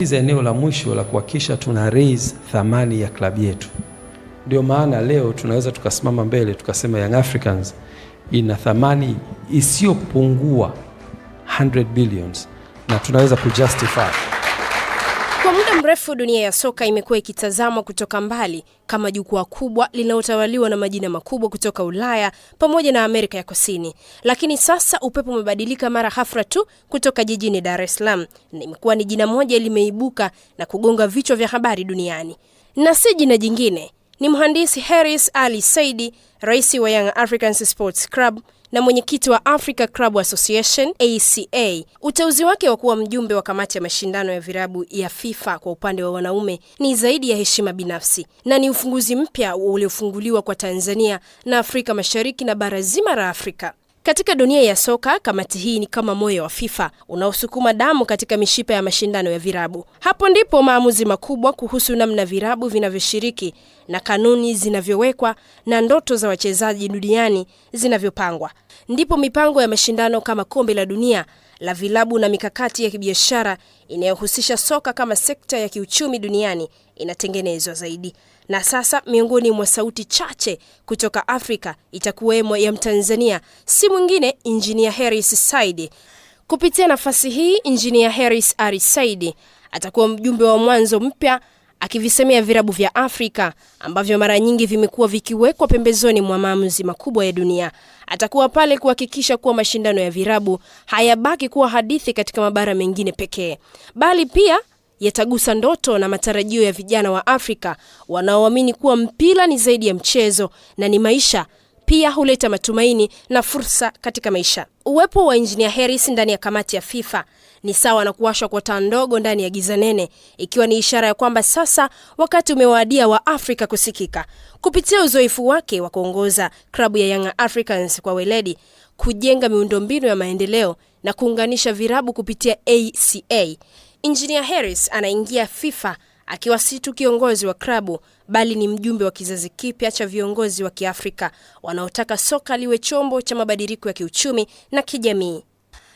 Hizi eneo la mwisho la kuhakikisha tuna raise thamani ya klabu yetu. Ndio maana leo tunaweza tukasimama mbele tukasema Young Africans ina thamani isiyopungua 100 billions na tunaweza kujustify kwa muda mrefu dunia ya soka imekuwa ikitazamwa kutoka mbali kama jukwaa kubwa linalotawaliwa na majina makubwa kutoka Ulaya pamoja na Amerika ya Kusini, lakini sasa upepo umebadilika mara hafra tu kutoka jijini Dar es Salaam, na imekuwa ni jina moja limeibuka na kugonga vichwa vya habari duniani, na si jina jingine, ni mhandisi harris Ali Saidi, rais wa Young Africans Sports Club na mwenyekiti wa Africa Club Association ACA. Uteuzi wake wa kuwa mjumbe wa kamati ya mashindano ya virabu ya FIFA kwa upande wa wanaume ni zaidi ya heshima binafsi na ni ufunguzi mpya uliofunguliwa kwa Tanzania na Afrika Mashariki na bara zima la Afrika. Katika dunia ya soka, kamati hii ni kama moyo wa FIFA unaosukuma damu katika mishipa ya mashindano ya virabu. Hapo ndipo maamuzi makubwa kuhusu namna virabu vinavyoshiriki na kanuni zinavyowekwa na ndoto za wachezaji duniani zinavyopangwa. Ndipo mipango ya mashindano kama kombe la dunia la vilabu na mikakati ya kibiashara inayohusisha soka kama sekta ya kiuchumi duniani inatengenezwa zaidi. Na sasa miongoni mwa sauti chache kutoka Afrika itakuwemo ya Mtanzania, si mwingine Injinia harris Saidi. Kupitia nafasi hii, Injinia harris Ari Saidi atakuwa mjumbe wa mwanzo mpya akivisemea virabu vya Afrika ambavyo mara nyingi vimekuwa vikiwekwa pembezoni mwa maamuzi makubwa ya dunia. Atakuwa pale kuhakikisha kuwa mashindano ya virabu hayabaki kuwa hadithi katika mabara mengine pekee, bali pia yatagusa ndoto na matarajio ya vijana wa Afrika wanaoamini kuwa mpira ni zaidi ya mchezo na ni maisha pia huleta matumaini na fursa katika maisha. Uwepo wa Engineer Harris ndani ya kamati ya FIFA ni sawa na kuwashwa kwa taa ndogo ndani ya giza nene, ikiwa ni ishara ya kwamba sasa wakati umewadia wa Afrika kusikika. Kupitia uzoefu wake wa kuongoza klabu ya Young Africans kwa weledi, kujenga miundombinu ya maendeleo na kuunganisha virabu kupitia ACA Engineer Harris anaingia FIFA akiwa si tu kiongozi wa klabu bali ni mjumbe wa kizazi kipya cha viongozi wa Kiafrika wanaotaka soka liwe chombo cha mabadiliko ya kiuchumi na kijamii.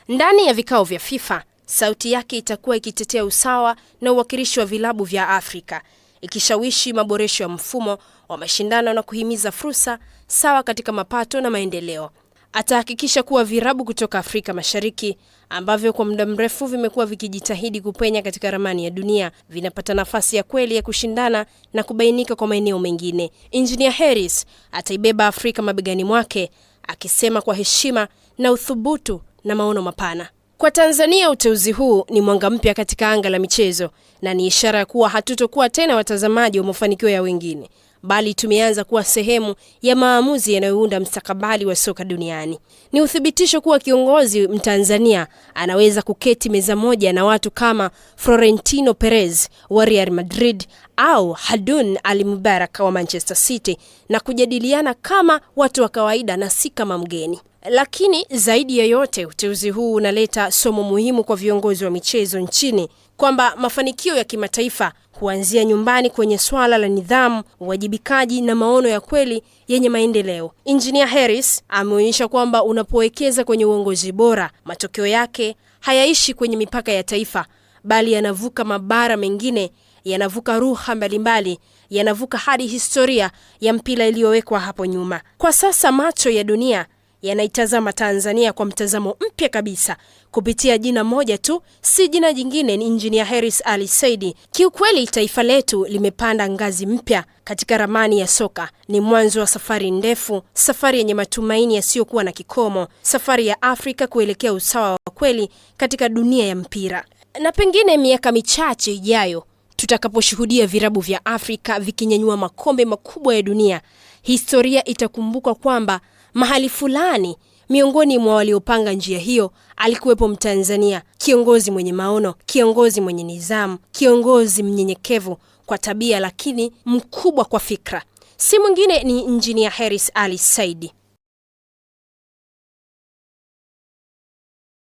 Ndani ya vikao vya FIFA, sauti yake itakuwa ikitetea usawa na uwakilishi wa vilabu vya Afrika, ikishawishi maboresho ya mfumo wa mashindano na kuhimiza fursa sawa katika mapato na maendeleo atahakikisha kuwa virabu kutoka Afrika Mashariki ambavyo kwa muda mrefu vimekuwa vikijitahidi kupenya katika ramani ya dunia vinapata nafasi ya kweli ya kushindana na kubainika kwa maeneo mengine. Engineer harris ataibeba Afrika mabegani mwake, akisema kwa heshima na uthubutu na maono mapana. Kwa Tanzania, uteuzi huu ni mwanga mpya katika anga la michezo na ni ishara ya kuwa hatutokuwa tena watazamaji wa mafanikio ya wengine bali tumeanza kuwa sehemu ya maamuzi yanayounda mstakabali wa soka duniani. Ni uthibitisho kuwa kiongozi Mtanzania anaweza kuketi meza moja na watu kama Florentino Perez wa Real Madrid au Hadun Ali Mubarak wa Manchester City na kujadiliana kama watu wa kawaida na si kama mgeni. Lakini zaidi ya yote, uteuzi huu unaleta somo muhimu kwa viongozi wa michezo nchini kwamba mafanikio ya kimataifa kuanzia nyumbani kwenye swala la nidhamu, uwajibikaji na maono ya kweli yenye maendeleo. Injinia Harris ameonyesha kwamba unapowekeza kwenye uongozi bora, matokeo yake hayaishi kwenye mipaka ya taifa, bali yanavuka mabara mengine, yanavuka ruha mbalimbali, yanavuka hadi historia ya mpira iliyowekwa hapo nyuma. Kwa sasa macho ya dunia yanaitazama Tanzania kwa mtazamo mpya kabisa kupitia jina moja tu, si jina jingine, ni Injinia harris Ali saidi Kiukweli taifa letu limepanda ngazi mpya katika ramani ya soka. Ni mwanzo wa safari ndefu, safari yenye matumaini yasiyokuwa na kikomo, safari ya Afrika kuelekea usawa wa kweli katika dunia ya mpira. Na pengine miaka michache ijayo tutakaposhuhudia virabu vya Afrika vikinyanyua makombe makubwa ya dunia, historia itakumbuka kwamba mahali fulani. Miongoni mwa waliopanga njia hiyo alikuwepo Mtanzania, kiongozi mwenye maono, kiongozi mwenye nizamu kiongozi mnyenyekevu kwa tabia, lakini mkubwa kwa fikra. Si mwingine ni Injinia haris Ali Saidi.